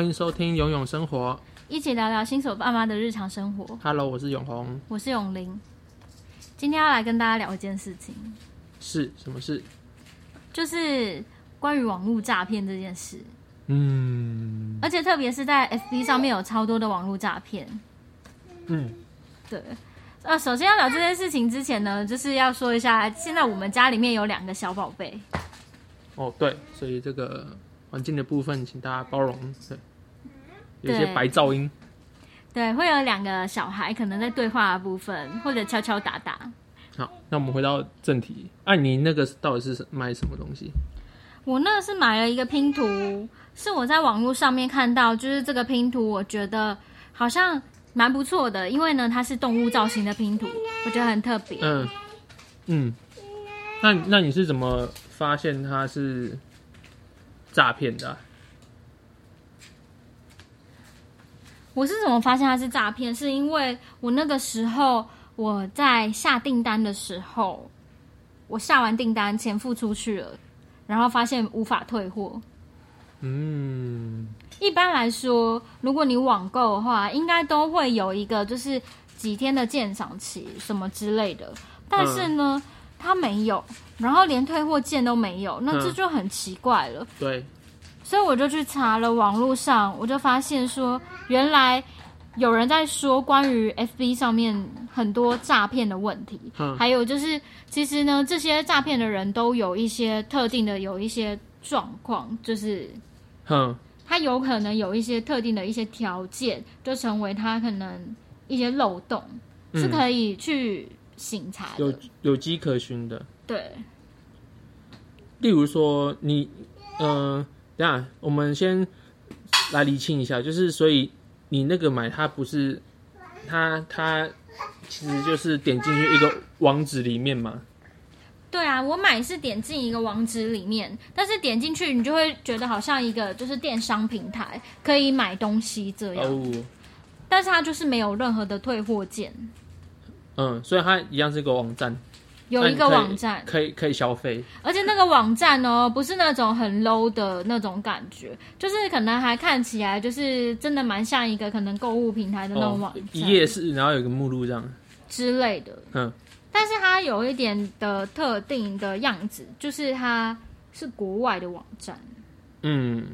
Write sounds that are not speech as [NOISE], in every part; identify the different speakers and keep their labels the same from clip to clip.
Speaker 1: 歡迎收聽《永詠生活》，
Speaker 2: 一起聊聊新手爸媽的日常生活。
Speaker 1: Hello，我是永紅，
Speaker 2: 我是永玲，今天要來跟大家聊一件事情。
Speaker 1: 是什麼事？
Speaker 2: 就是關於網絡詐騙這件事。嗯。而且特別是在 FB，嗯，上面有超多的網絡詐騙。嗯。對。啊，首先要聊這件事情之前呢，就是要說一下，現在我們家裡面有兩個小寶貝。
Speaker 1: 哦，對，所以這個環境的部分，請大家包容。對。有些白噪音，
Speaker 2: 對，對，會有兩個小孩可能在對話的部分，或者敲敲打打。
Speaker 1: 好，那我們回到正題。哎、啊，你那個到底是買什麼東西？
Speaker 2: 我那是買了一個拼圖，是我在網絡上面看到，就是這個拼圖，我覺得好像蠻不錯的，因為呢，它是動物造型的拼圖，我覺得很特別。
Speaker 1: 嗯嗯，那那你是怎麼發現它是詐騙的、啊？
Speaker 2: 我是怎麼發現它是詐騙？是因為我那個時候我在下訂單的時候，我下完訂單錢付出去了，然後發現無法退貨。嗯，一般來說，如果你網購的話，應該都會有一個就是幾天的鑑賞期什麼之類的，但是呢，它、嗯、沒有，然後連退貨鍵都沒有，那這就很奇怪了。嗯、對。所以我就去查了網絡上，我就發現說，原來有人在說關於 FB 上面很多詐騙的問題，哼還有就是，其實呢，這些詐騙的人都有一些特定的，有一些狀況，就是，
Speaker 1: 嗯，
Speaker 2: 他有可能有一些特定的一些條件，哼就成為他可能一些漏洞、嗯、是可以去審查的，有
Speaker 1: 有跡可循的，對。例如說，你，嗯、呃。那我們先來釐清一下，就是所以你那個買它不是它，它其實就是點進去一個網址裡面嘛。
Speaker 2: 對啊，我買是點進一個網址裡面，但是點進去你就會覺得好像一個就是電商平台可以買東西這樣，哦，但是它就是沒有任何的退貨鍵。
Speaker 1: 嗯，所以它一樣是一個網站。
Speaker 2: 有一個網站可
Speaker 1: 以可以，可以消費，
Speaker 2: 而且那個網站哦、喔，不是那種很 low 的那種感覺，就是可能還看起來就是真的蠻像一個可能購物平台的那種網站。也
Speaker 1: 是、哦，然後有一個目錄這樣
Speaker 2: 之類的。嗯，但是它有一點的特定的樣子，就是它是國外的網站。嗯，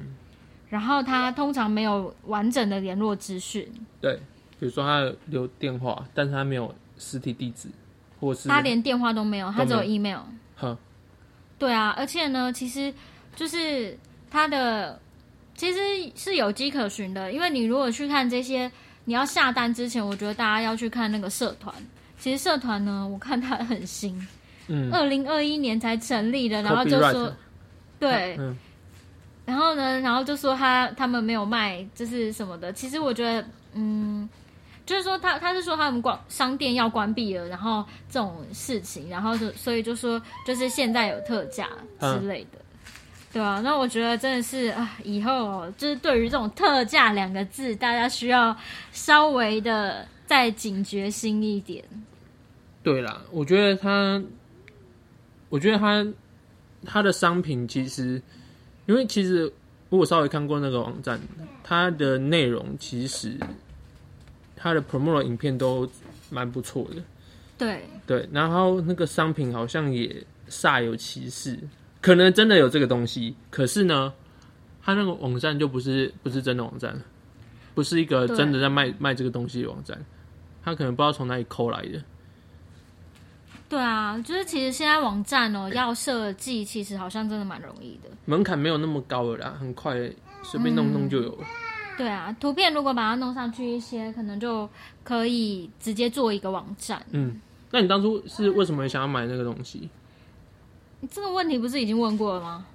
Speaker 2: 然後它通常沒有完整的聯絡資訊。
Speaker 1: 對，比如說它有留電話，但是它沒有實體地址。或他連
Speaker 2: 電話都沒有，沒有，他只有 email 呵。對啊，而且呢，其實就是他的，其實是有跡可循的，因為你如果去看這些，你要下單之前，我覺得大家要去看那個社團。其實社團呢，我看他很新，嗯，二零二一年才成立的，然後就說 Copy right 對，啊，嗯。然後呢，然後就說他他們沒有賣，就是什麼的。其實我覺得，嗯。就是說他，他他是說他們關商店要關閉了，然後這種事情，然後就所以就說，就是現在有特價之類的，啊對啊。那我覺得真的是啊，以後喔，就是對於這種特價兩個字，大家需要稍微的再警覺心一點。
Speaker 1: 對啦，我覺得他，我覺得他他的商品其實，因為其實如果稍微看過那個網站，它的內容其實。他的 promo 影片都蠻不錯的對，對對，然後那個商品好像也煞有其事，可能真的有這個東西，可是呢，他那個網站就不是不是真的網站，不是一個真的在賣對賣這個東西的網站，他可能不知道從哪裡摳來的。
Speaker 2: 對啊，就是其實現在網站哦、喔，要設計其實好像真的蠻容易的，
Speaker 1: 門檻沒有那麼高了啦，很快欸，隨便弄弄就有了。嗯
Speaker 2: 對啊，圖片如果把它弄上去一些，可能就可以直接做一個網站。嗯，
Speaker 1: 那你當初是為什麼想要買那個東西？嗯，
Speaker 2: 這個問題不是已經問過了嗎？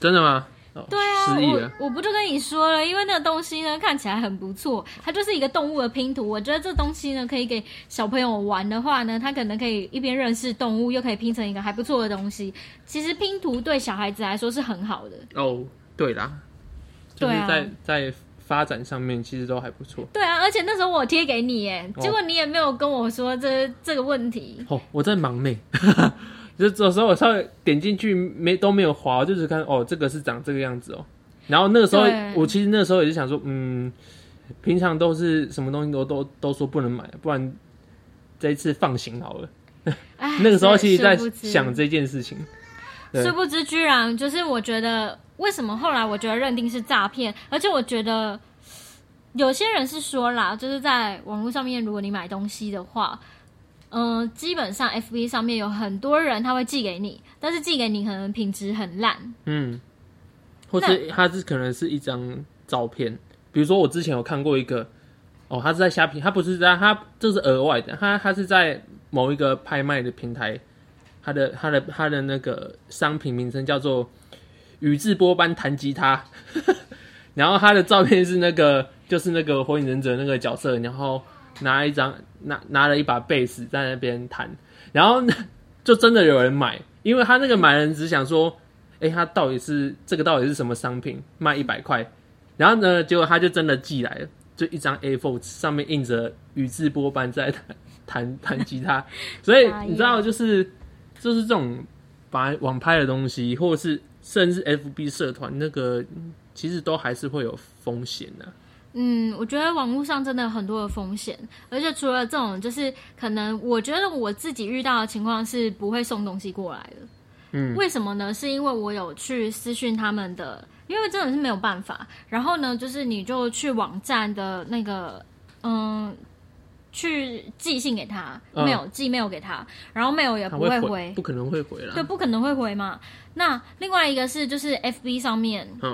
Speaker 1: 真的嗎？哦，對啊，我我
Speaker 2: 不就跟你說了，因為那個東西呢看起來很不錯，它就是一個動物的拼圖。我覺得這東西呢可以給小朋友玩的話呢，他可能可以一邊認識動物，又可以拼成一個還不錯的東西。其實拼圖對小孩子來說是很好的。
Speaker 1: 哦，對啦，就是在在。發展上面其實都還不錯。
Speaker 2: 對啊，而且那時候我貼給你耶，結果你也沒有跟我說這個 oh. 這個問題。
Speaker 1: 哦，oh, 我在忙妹。 [LAUGHS] 就是有時候我稍微點進去沒都沒有滑，就是看哦這個是長這個樣子哦。然後那個時候對我其實那個時候也是想說，嗯，平常都是什麼東西都都都說不能買，不然這一次放行好了。
Speaker 2: [LAUGHS] 唉那個時候其實在想這
Speaker 1: 件事情。殊對
Speaker 2: 不知，居然，就是我覺得，為什麼後來我覺得認定是詐騙？而且我覺得有些人是說啦，就是在網絡上面，如果你買東西的話，嗯，基本上 FB 上面有很多人他會寄給你，但是寄給你可能品質很爛，嗯，
Speaker 1: 那 或者他是可能是一張照片，比如說我之前有看過一個，哦，他是在蝦皮，他不是在，他這是額外的，他他是在某一個拍賣的平台。他的他的他的那個商品名稱叫做宇智波斑彈吉他， [LAUGHS] 然後他的照片是那個就是那個火影忍者那個角色，然後拿一張拿拿了一把貝斯在那邊彈，然後就真的有人買，因為他那個買的人只想說，誒，他到底是這個到底是什麼商品，賣一百塊，然後呢，結果他就真的寄來了，就一張 A4 上面印着宇智波斑在彈彈彈吉他，所以你知道就是。 [LAUGHS] 就是這種把網拍的東西，或者是甚至 FB 社團那個，其實都還是會有風險的啊。
Speaker 2: 嗯，我覺得網絡上真的有很多的風險，而且除了這種，就是可能我覺得我自己遇到的情況是不會送東西過來的。嗯，為什麼呢？是因為我有去私訊他們的，因為真的是沒有辦法。然後呢，就是你就去網站的那個，嗯。去寄信給他，哦、沒有寄沒有給他，然後沒有也不會回，會回不
Speaker 1: 可能會回了，對，不
Speaker 2: 可能會回嘛。那另外一個是就是 FB 上面，嗯、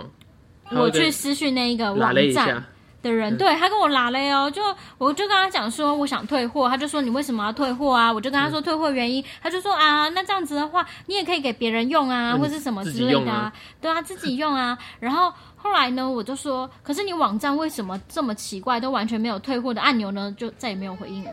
Speaker 2: 哦，
Speaker 1: 我去私
Speaker 2: 訊那一個網站。的人、嗯、對他跟我拉了喲、哦，就我就跟他講說我想退貨，他就說你為什麼要退貨啊？我就跟他說退貨原因，嗯、他就說啊，那這樣子的話你也可以給別人用啊，嗯、或是什麼之類的啊，啊對啊，自己用啊。 [LAUGHS] 然後後來呢，我就說，可是你網站為什麼這麼奇怪，都完全沒有退貨的按鈕呢？就再也沒有回應了。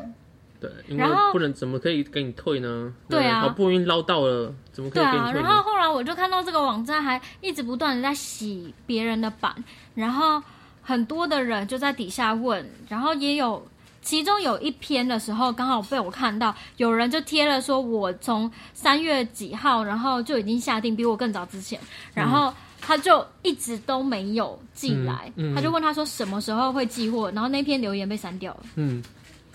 Speaker 2: 對，因
Speaker 1: 為然後不能怎麼可以給你退呢？對啊，對好不容易撈到了，怎麼可以給你退呢？對、啊、然後
Speaker 2: 後來我就看到這個網站還一直不斷的在洗別人的版，然後。很多的人就在底下問，然後也有，其中有一篇的時候，剛好被我看到，有人就貼了說，我從三月幾號，然後就已經下定，比我更早之前，然後他就一直都沒有進來，嗯嗯、他就問他說什麼時候會寄貨，嗯、然後那篇留言被刪掉了。嗯，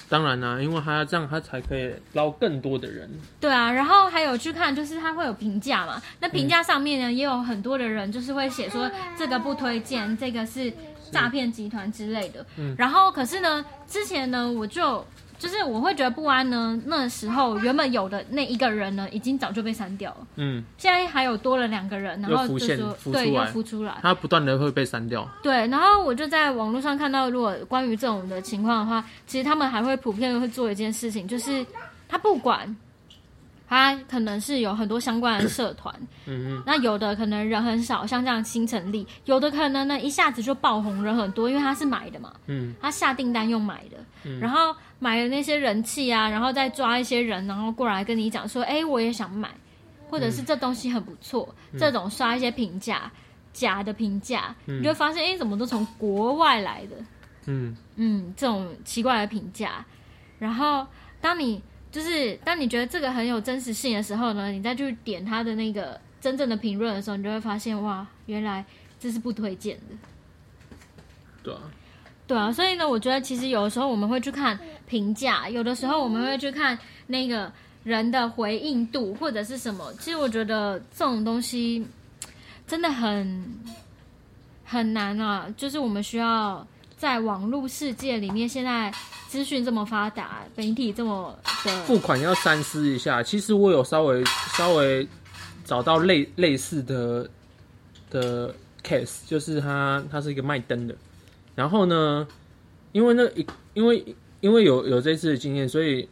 Speaker 1: 當然啦、啊，因為他這樣他才可以撈更多的人。對
Speaker 2: 啊，然後還有去看就是他會有評價嘛，那評價上面呢、嗯、也有很多的人就是會寫說、嗯、這個不推薦，這個是。詐騙集團之類的，嗯，然後可是呢，之前呢，我就就是我會覺得不安呢。那時候原本有的那一個人呢，已經早就被刪掉了。嗯，現在還有多了兩個人，然後就說對，又浮出來，他
Speaker 1: 不斷的會被刪掉。
Speaker 2: 對，然後我就在網絡上看到，如果關於這種的情況的話，其實他們還會普遍會做一件事情，就是他不管。他、啊、可能是有很多相關的社團， [COUGHS] 嗯嗯，那有的可能人很少，像這樣新成立；有的可能呢一下子就爆紅，人很多，因為他是買的嘛，嗯，他下訂單又買的，嗯、然後買了那些人氣啊，然後再抓一些人，然後過來跟你講說，哎、欸，我也想買，或者是這東西很不錯，嗯、這種刷一些評價，假的評價，嗯、你就會發現，哎、欸，怎麼都從國外來的，嗯嗯，這種奇怪的評價，然後當你。就是當你覺得這個很有真實性的時候呢，你再去點他的那個真正的評論的時候，你就會發現哇，原來這是不推薦的。
Speaker 1: 對啊，
Speaker 2: 對啊，所以呢，我覺得其實有的時候我們會去看評價，有的時候我們會去看那個人的回應度或者是什麼。其實我覺得這種東西真的很很難啊，就是我們需要在網絡世界裡面現在。資訊這麼發達，媒體這麼的，付
Speaker 1: 款要三思一下。其實我有稍微稍微找到類類似的的 case，就是它它是一個賣燈的，然後呢，因為那因為因為有有這次的經驗，所以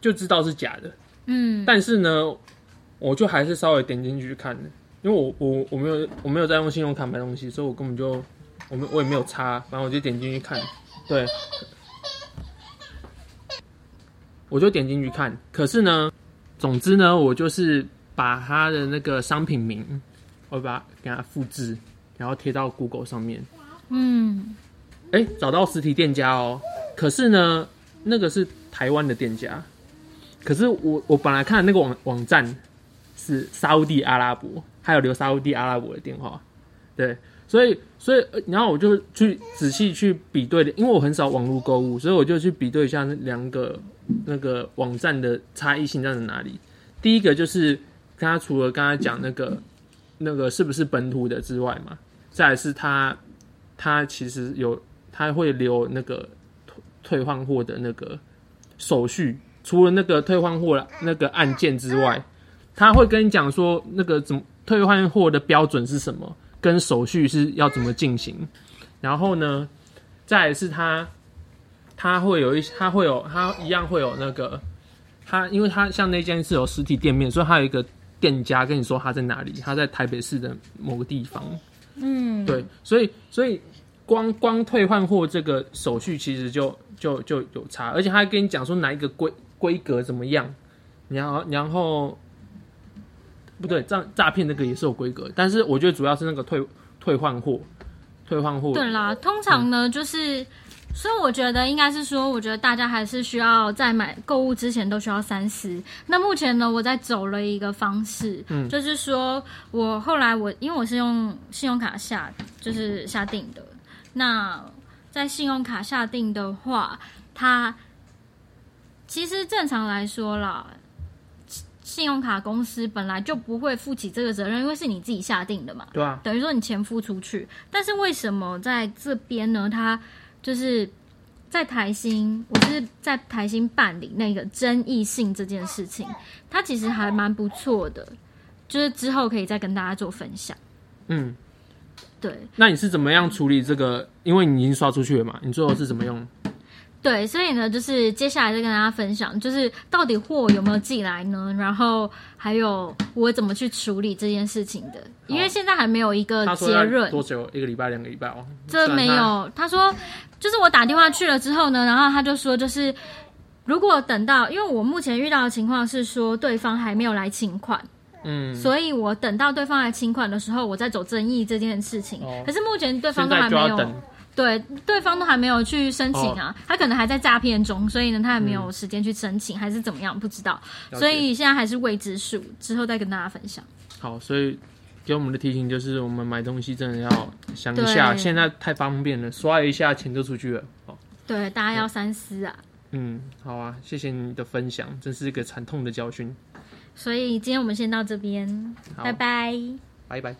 Speaker 1: 就知道是假的。嗯，但是呢，我就還是稍微點進去看的，因為我我我沒有我沒有在用信用卡買東西，所以我根本就我們我也沒有差，反正我就點進去看，對。我就點進去看，可是呢，總之呢，我就是把他的那個商品名，我把給他複製，然後貼到 Google 上面，嗯，哎、欸，找到實體店家哦、喔，可是呢，那個是台灣的店家，可是我我本來看那個網網站是沙烏地阿拉伯，還有留沙烏地阿拉伯的電話，對。所以，所以，然後我就去仔細去比對，因為我很少網絡購物，所以我就去比對一下那兩個那個網站的差異性在哪裡。第一個就是，跟他除了剛才講那個那個是不是本土的之外嘛，再來是他他其實有他會留那個退退換貨的那個手續，除了那個退換貨那個按鍵之外，他會跟你講說那個怎麼退換貨的標準是什麼。跟手續是要怎麼進行，然後呢，再是他，他會有一，他會有，他一樣會有那個，他因為他像那間是有實體店面，所以他有一個店家跟你說他在哪裡，他在台北市的某個地方，嗯，對，所以所以光光退換貨這個手續其實就就就有差，而且他還跟你講說哪一個規規格怎麼樣，然後然後。不對，詐詐騙那個也是有規格，但是我覺得主要是那個退退換貨，退換貨。對
Speaker 2: 啦，通常呢就是，嗯、所以我覺得應該是說，我覺得大家還是需要在買購物之前都需要三思。那目前呢，我在走了一個方式，嗯，就是說我後來我因為我是用信用卡下，就是下定的。那在信用卡下定的話，它其實正常來說啦。信用卡公司本來就不會負起這個責任，因為是你自己下訂的嘛。對啊，等於說你錢付出去，但是為什麼在這邊呢？他就是在台新，我是在台新辦理那個爭議性這件事情，他其實還蠻不錯的，就是之後可以再跟大家做分享。嗯，對。
Speaker 1: 那你是怎麼樣處理這個？因為你已經刷出去了嘛，你最後是怎麼用？嗯
Speaker 2: 對，所以呢，就是接下來再跟大家分享，就是到底貨有沒有寄來呢？然後還有我怎麼去處理這件事情的？哦、因為現在還沒有一個結論。多久？
Speaker 1: 一個禮拜，兩個禮拜哦。這沒有，
Speaker 2: 他，他說，就是我打電話去了之後呢，然後他就說，就是如果等到，因為我目前遇到的情況是說，對方還沒有來請款。嗯。所以我等到對方來請款的時候，我再走爭議這件事情。哦、可是目前對方都還沒有。對，對方都還沒有去申請啊，他可能還在詐騙中，哦、所以呢，他還沒有時間去申請，嗯、還是怎麼樣，不知道，解所以現在還是未知數，之後再跟大家分享。
Speaker 1: 好，所以給我們的提醒就是，我們買東西真的要想一下，對現在太方便了，刷一下錢就出去了，好、哦。
Speaker 2: 對，大家要三思啊。嗯，
Speaker 1: 好啊，謝謝你的分享，真是一個慘痛的教訓。
Speaker 2: 所以今天我們先到這邊，好拜拜，
Speaker 1: 拜拜。